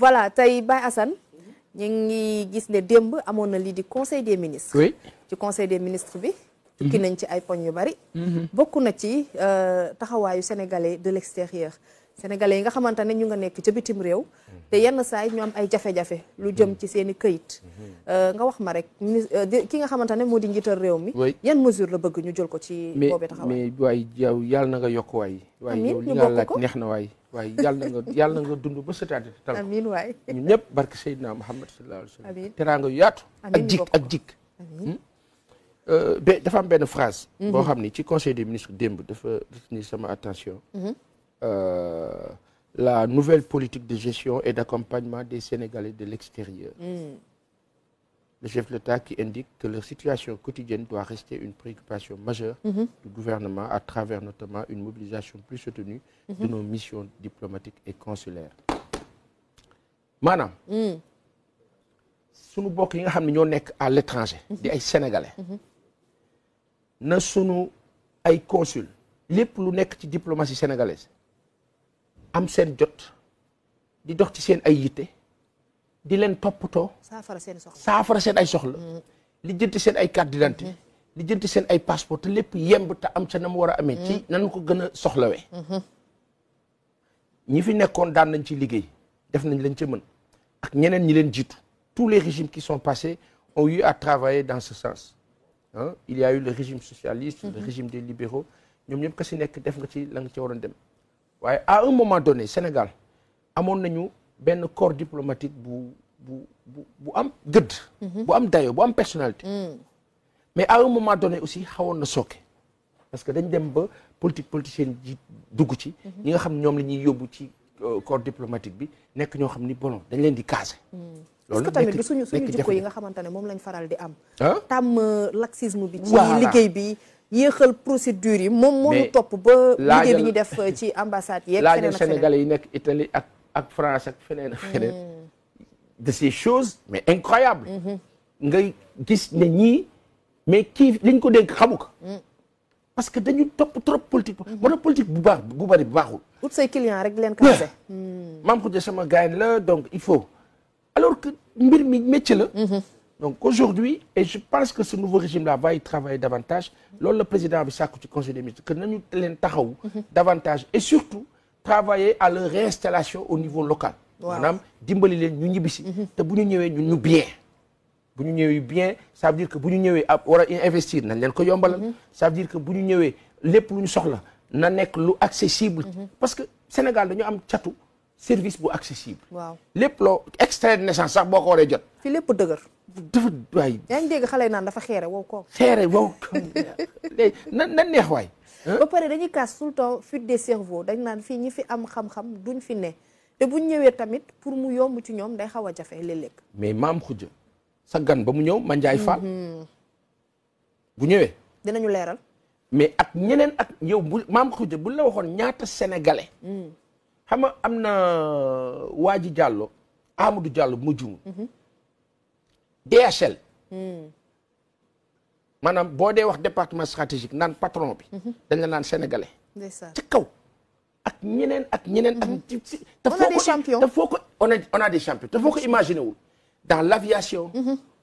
voilà tey Baye Hassan, nous ngi gis le conseil des ministres. oui Le conseil des ministres bi. Mhm. Mhm. est euh, sénégalais de l'extérieur. sénégalais yi nga xamante ne ñu nga nekk ca bitim réew te yenn saa yi ñu am ay jafe-jafe lu jëm ci seen i këyit euh, nga wax ma rek euh, ki nga xamante ne moo di njiital réew mi yan mesure la bëgg ñu jël ko ci boobu taxawaay mais waaye yow yàlla na nga yokk waay waaye yow li nga laaj neex na waaye yàlla na nga yàlla na nga dund ba sëtaati tal ko amiin waay ñun ñëpp barke Seydina Muhammad sallallahu alayhi wa sallam teraanga yu yaatu ak jik ak jik hmm? euh, dafa am benn phrase boo mhm. xam ni ci conseil des ministres démb dafa retenir sama attention mhm. Euh, la nouvelle politique de gestion et d'accompagnement des Sénégalais de l'extérieur. Mm. Le chef de l'État qui indique que leur situation quotidienne doit rester une préoccupation majeure mm-hmm. du gouvernement à travers notamment une mobilisation plus soutenue de mm-hmm. nos missions diplomatiques et consulaires. Madame, si nous yi à l'étranger les mm-hmm. sénégalais na sunu ay consul les lu nekk diplomatie sénégalaise am seen jot di dox ci seen ay yitte di leen toppatoo. saafara seen soxla saafara seen ay soxla. Mm. li jënti seen ay carte d'identité mm-hmm. li jënti seen ay passeport te lépp yemb te am ca na mu war a amee. ci mm-hmm. nan ko gën a soxlawee. Mm-hmm. ñi fi nekkoon daan nañ ci liggéey def nañ lañ ca mën ak ñeneen ñi leen jiitu tous les régimes qui sont passés ont eu à travailler dans ce sens hein il y a eu le régime socialiste. le régime des libéraux ñoom ñëpp ka si nekk def nga ci la nga ci waroon dem. waaye à un moment donné Sénégal amoon nañu benn corps diplomatique bu bu bu bu am gëdd. Mhm. bu am dayo bu am personnalité. Mm. mais à un moment donné aussi xawoon na sooke. parce que dañ dem ba politique politicienne ji dugg ci. Mhm. ñi nga xam ñoom la ñuy yóbbu ci euh, corps diplomatique bi nekk ñoo xam ni bon dañ leen di casé. Mm. loolu nekk tamit du suñu suñu yi nga xamante ne moom lañ faral di am. Ah? tàmm laxisme bi. ci liggéey bi. yéexal procédure yi mom moo top ba liggéey bi def euh, ci ambassade yeeg laajal sénégalais yi nek Italie ak ak France ak feneen ak hmm. de ces choses mais incroyable mm-hmm. ngay gis né ñi mais ki liñ ko dénk xamu mm. parce que dañu top trop politique moo tax politique bu baax bu bari bu baaxul ut say client rek leen kase mam ko sama gaay la donc il faut alors que mbir mi métier la mm-hmm. Donc aujourd'hui, et je pense que ce nouveau régime-là va y travailler davantage, lors le président Abissakou du Conseil des ministres, que nous travailler davantage, et surtout, travailler à leur réinstallation au niveau local. Madame, dimbali len ñu ñibisi mhm. bien nous bien ça veut dire que nous ñu ñëwé investir mhm. ça veut dire que nous ñu Les lépp lu ñu soxla na accessible mhm. parce que Sénégal dañu am un service accessible Wow. plans loo extrait de naissance sax jot fi dafa waay. yaa ngi dégg xale naan dafa xeere wow ko xeere wow léegi na na neex waay. pare dañuy kaas tout le temps fuite dañ naan fii ñi fi am xam-xam duñ fi ne te buñ ñëwee tamit pour mu yomb ci ñoom day xaw a jafe léeg-léeg. mais maam xujja sa gan ba mu ñëw Mandiaye mhm. Fall. bu ñëwee. dinañu leeral. mais ak ñeneen ak yow bu maam xujja bu la waxoon ñaata sénégalais. Mm. xam am na euh, Waaji Diallo Amadou Diallo bu ma juum. DHL. maanaam boo dee wax département stratégique naan patron bi. Mhm. dañ naan sénégalais. ci kaw ak ñeneen ak ñeneen. ak mhm. ci te foo ko on a on te foo ko mhm. imaginer wul dans l' aviation.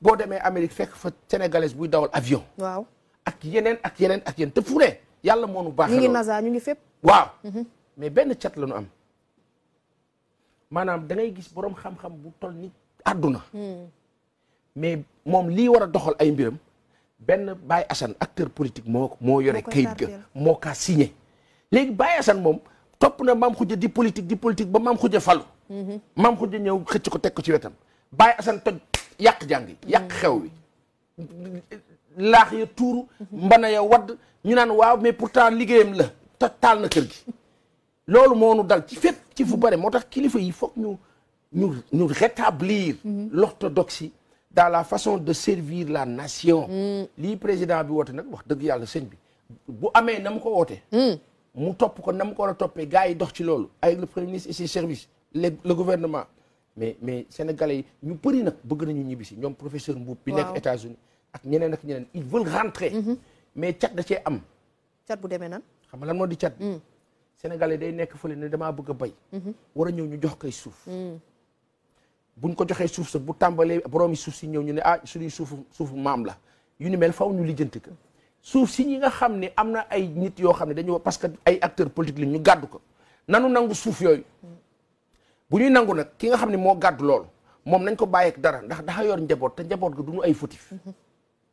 boo demee Amérique fekk fa sénégalaise buy dawal avion. waaw ak yeneen ak yeneen ak yeneen te fu ne yàlla moo nu baax ñu ngi NASA ñu ngi fépp. waaw mais benn cat la am maanaam da ngay gis boroom xam bu tol ni àdduna. mais moom lii war a doxal ay mbiram benn Baye Assane acteur politique moo moo yore kayit ga moo kaa signé léegi bàyyi Assane moom topp na maam xuja di politique di politique ba maam xuja falu mhm. maam xuja ñëw xëcc ko teg ko ci wetam Baye Assane toj yàq jàng yi yàq mhm. xew wi laax ya tuuru mhm. mbana ya wadd ñu naan waaw mais pourtant liggéeyam la toj taal na kër gi loolu moo nu dal ci fépp ci fu bare moo tax kilifa yi foog ñu ñu ñu rétablir l'orthodoxie dans la façon de servir la nation. Mm. lii président bi woote nag wax dëgg yàlla sëñ bi bu amee na mu ko woote. Mm. mu top ko nam ko war topé gaay yi dox ci loolu. ay le premier ministre et ses services le le gouvernement mais mais sénégalais yi ñu bari nak bëgg nañu ñibbi si ñoom professeur mbou bi nekk États-Unis ak ñeneen ak ñeneen ils veulent rentrer. Mm-hmm. mais chat da ci am. chat bu démé nan. xam lan mo di cat. Mm. sénégalais day nekk fële né dama bëgg a bay. Mm-hmm. war a ñëw ñu jox koy suuf. bu buñ ko joxee suuf sa bu tàmbalee boroomi suuf si ñëw ñu ne ah suñuy suufu suufu maam la yu ni mel faw ñu lijjanti ko suuf si ñi nga xam ne am na ay nit yoo xam ne dañoo parce que ay acteurs politiques lañ ñu gàddu ko nanu nangu suuf yooyu bu ñuy nangu nag ki nga xam ne moo gàdd lool moom nañ ko bàyyeek dara ndax daxa yor njaboot te njaboot ga duñu ay fautif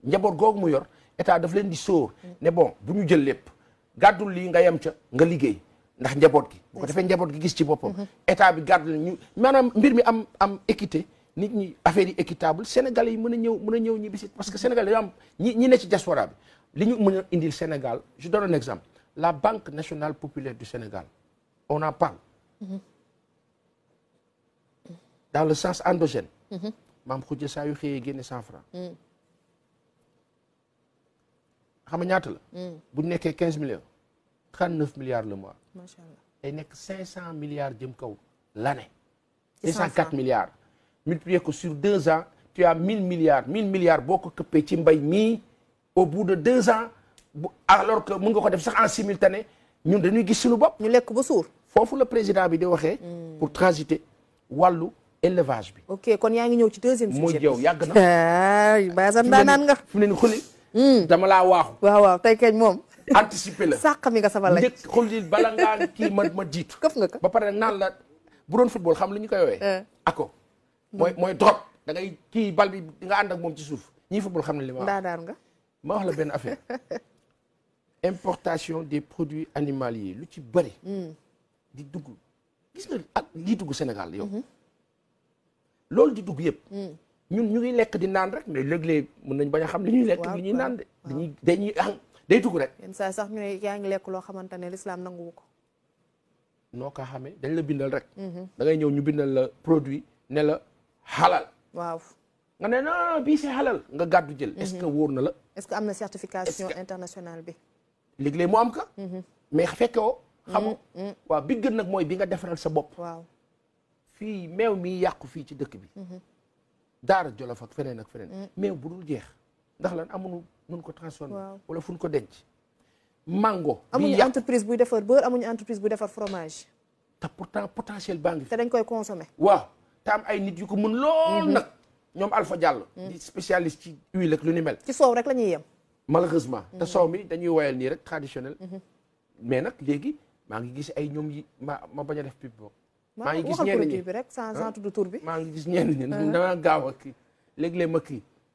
njaboot googu mu yor état daf leen di sóor ne bon bu ñu jël lépp gàddul lii nga yem ca nga liggéey ndax njabot gi bu ko gi gis ci bi ñu équité nit affaire équitable sénégalais yi ñëw parce que sénégalais am ñi diaspora Sénégal je donne un exemple la banque nationale populaire du Sénégal on en parle mhm. dans le sens endogène Je mhm. que saa yu xëyee génne cent mm. xam nga la mm. bu millions 39 milliards le mois macha day nekk 500 milliards jëm kaw l' année. 504 milliards. multiplié ko sur 2 ans tu as 1000 milliards 1000 milliards boo ko këppee ci mbay mii au bout de 2 ans bu alors que mën nga ko def sax en simultané ñun dañuy gis suñu bopp. ñu lekk ba suur. foofu la président bi di waxee. Hmm. pour transiter wàllu élevage bi. ok kon yaa ngi ñëw ci deuxième sujet. mooy yow yàgg na. baasam daanaan nga. fi mu ne nii xuli. Hmm. dama laa waaxu. waaw waaw tey kañ moom anticiper la sàq mi nga sama laaj njëkk xool bala ngaa ki ma ma jiitu. ba paré naan la bu doon football xam li ñu koy woowee. Eh. ako moy moy hmm. drop. da ngay kii bal bi nga and ak mom ci souf ñi football xam ne li ma. dar nga ma wax la ben affaire. importation des produits animaliers lu ci bëri. Hmm. di dugg gis nga ak lii dugg Sénégal yow. Hmm. lool di dugg yépp ñun ñu ngi lekk di naan rek mais léeg-léeg mën nañ bañ a xam li ñuy lekk li ñuy naan de. dañuy dañuy day dugg rek. yenn saa sax ñu ne yaa ngi lekk loo xamante ne lislaam nanguwu ko. noo ko xamee dañ la bindal rek. Mhm. da ngay ñëw ñu bindal la produit ne la halal. waaw nga ne non bii c'est halal nga gàddu jël. Mhm. est-ce que wóor na la. est-ce que am na certification internationale bi. léeg-léeg mu am ka. Mhm. mais fekke woo. xamoo mm, mm. waaw bi gën nag mooy bi nga defaral sa bopp. waaw fii meew mi yàqu fii ci dëkk bi. daara jolof ak feneen ak feneen. Mm. meew bu dul jeex ndax lan amuñu mën ko transformer wala fu ñu ko denc mango amuñu entreprise buy defar beurre amuñu entreprise buy defar fromage te pourtant potentiel baa ngi fi te dañ koy consommer waaw te am ay nit yu ko mën lool mhm. nag ñoom Alpha jàll mhm. di spécialiste ci huile ak lu ni mel ci soow rek la ñuy yem malheureusement te mhm. soow mi dañuy woyal nii rek traditionnel mais nag léegi maa ngi gis ay ñoom yi ma ma bañ a def pub boobu maa ngi gis ñenn ñi bi bi maa ngi gis ñenn ñi damaa gaaw a kii léeg-léeg ma kii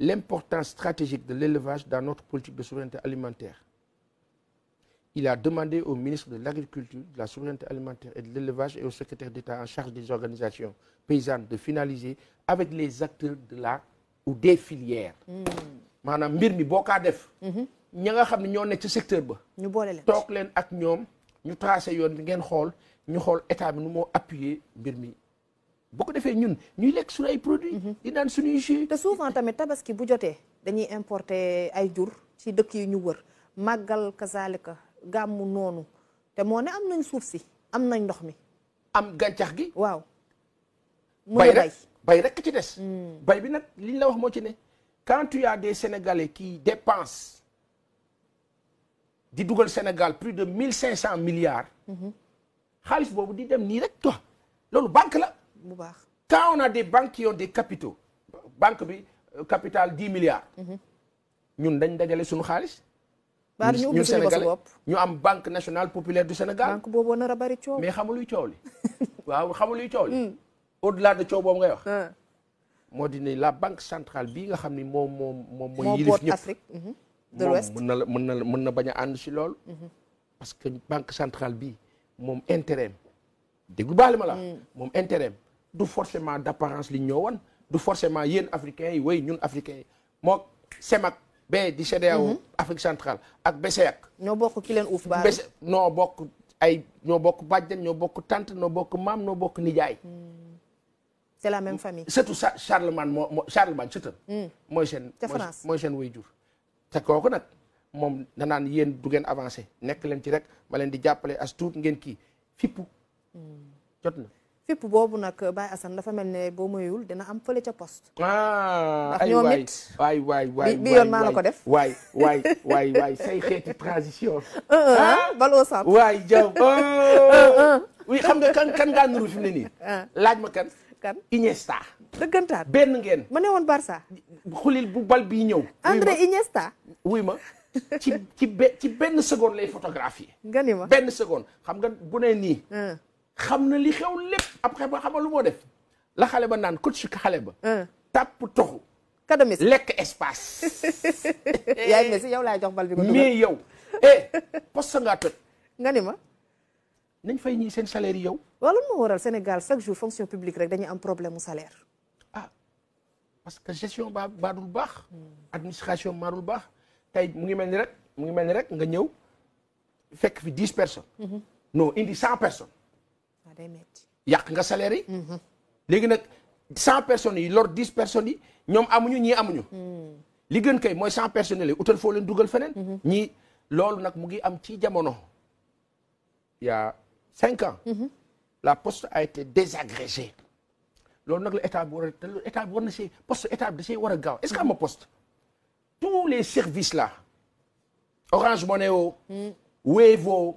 l'importance stratégique de l'élevage dans notre politique de souveraineté alimentaire. Il a demandé au ministre de l'Agriculture, de la Souveraineté alimentaire et de l'élevage et au secrétaire d'État en charge des organisations paysannes de finaliser avec les acteurs de la ou des filières. Hmm. Mhm. secteur Beaucoup de nous, ñuy lekk les ay produits. Mhm. di souvent tabaski bu dañuy importer ay ci dëkk yi ñu wër il te des am nañ am nañ des mi. am sont gi. Il a bay rek ci des. Hmm. bay quand tu as des sénégalais qui dépensent di dougal Sénégal plus de 1500 milliards. Mhm. xaalis di dem ni rek toi lolu banque quand on a des banques qui ont des capitaux banque bi euh, capital 10 milliards nous avons qui ñu banque nationale populaire du Sénégal banque mais xamuluy au delà de ce boobu ah. la banque centrale bi, nga mhm, la de l'Ouest la mhm. parce que banque centrale est mon intérêt mm. intérêt du forcément d'apparence li ñu du forcément yéen africains yi way ñun africains yi c'est CEMAC bee di CEDEAO mhm. Afrique centrale ak BCEAC ñoo beaucoup ki l'ont uuf ba beaucoup, bokk ay ñoo bokk bàjjen ñoo beaucoup tante beaucoup maman, non beaucoup ni nijaay hmm. c'est la même famille ça, Charlemagne moo Charlemagne, Charlemagne tout hmm. mooy Moi, moi seen way jur te kooku nag moom danaan yéen du ngeen avancé nekk leen ci rek ma leen di jàppale as tout ngeen ki fipu hmm. jotna fipp bobu nak Baye Assane dafa melne ne moyul dina am fele ca poste. ah ay way way way way bi yon manako def. way way way way say xeeti transition. ah bal au centre. jaw oh. oui xam nga kan kan da nuru fimne ni ne ah. laaj ma kan. kan Iniesta. dëggantaan ben ngene mané ne Barça. khulil bu bal bi ñew André Iniesta. wuy ma ci ci ben seconde lay photographier. ngani ma ben seconde xam nga bu ne nii. xamna li xew lepp après ba xamal lu moo def la xalé ba nan coach xalé ba. Hein. tap toxu. kada Messi lekk espace. yaay Messi yow laay jox bal bi. ko mais yow eh poste ngaa toj. nga ni ma. nañ fay ñi seen salaire yow. wala mo moo waral Sénégal chaque jour fonction publique rek dañuy am problème salaire. ah parce que gestion ba ba dul bax administration baadul bax tay mu ngi melni rek mu ngi melni rek nga ñew fekk fi 10 personnes. Mhm. non indi 100 personnes yàq nga salaire yi. Mhm. léegi nag cent personnes yi lor dix personnes yi ñoom amuñu ñii amuñu. Hmm. li gën kay mooy cent personnes yi utal foo leen dugal feneen. Mhm. ñii loolu nag mu ngi am ci jamono. il y a cinq ans. Mhm. la poste a été désagrégée. loolu nag la état bi war a état bi war na see poste état bi da see war a gaaw est-ce que am na poste. tous les services là. Orange Money woo. Hmm. Wave woo.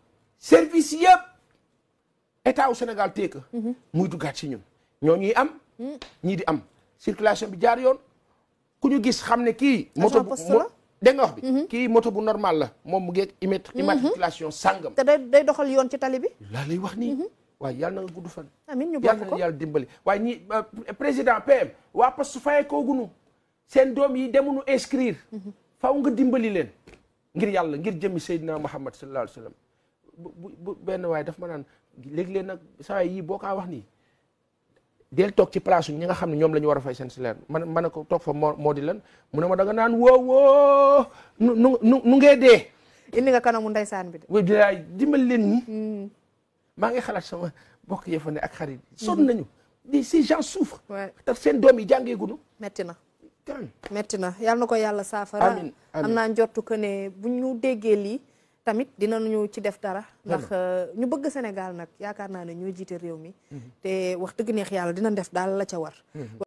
service yëpp état wu Sénégal téye mhm. muy dugaat si ñun ñoo ñuy am. Mm. ñii di am circulation bi jaar yoon ku ñu gis xam ne kii. moto bu dégg nga wax bi. Mhm. kii moto bu normal la moom mu ngeeg mhm. immatriculation sàngam. te day day doxal yoon ci tali bi. laa lay wax nii. waaye yàlla na nga gudd fan. amiin ñu bokk ko yàlla dimbali waaye ñii euh, président PM waa poste fayee koogunu seen doom yi demuñu inscrire. faaw nga dimbali leen ngir yàlla ngir jëmmi Seydina Muhammad sallallahu alayhi wa sallam. bu benn waaye daf ma naan léeg-léeg nag saa yii boo kaa wax nii del toog ci place ñi nga xam ne ñoom la ñu war a fay seen salaire man man ne ko toog fa moo moo di lan mu ne ma danga naan woo woo nu nu nu ngee dee. indi nga kanamu ndeysaan bi de. oui dimbal leen ñi. Hmm. maa ngi xalaat sama bokk yi fa ne ak xarit. sonn hmm. nañu di ces gens souffrent. te seen doom yi jàngeeguñu. metti na. metti na yal na ko yàlla saafara. amiin amiin am naa njortu que ne bu ñu déggee lii. tamit dina dinañu ci def dara. ndax euh, ñu bëgg Sénégal nag yaakaar naa ne ñoo jiite réew mi. Mm-hmm. te wax dëgg neex yàlla dinañ def daal la ca war. Mm-hmm.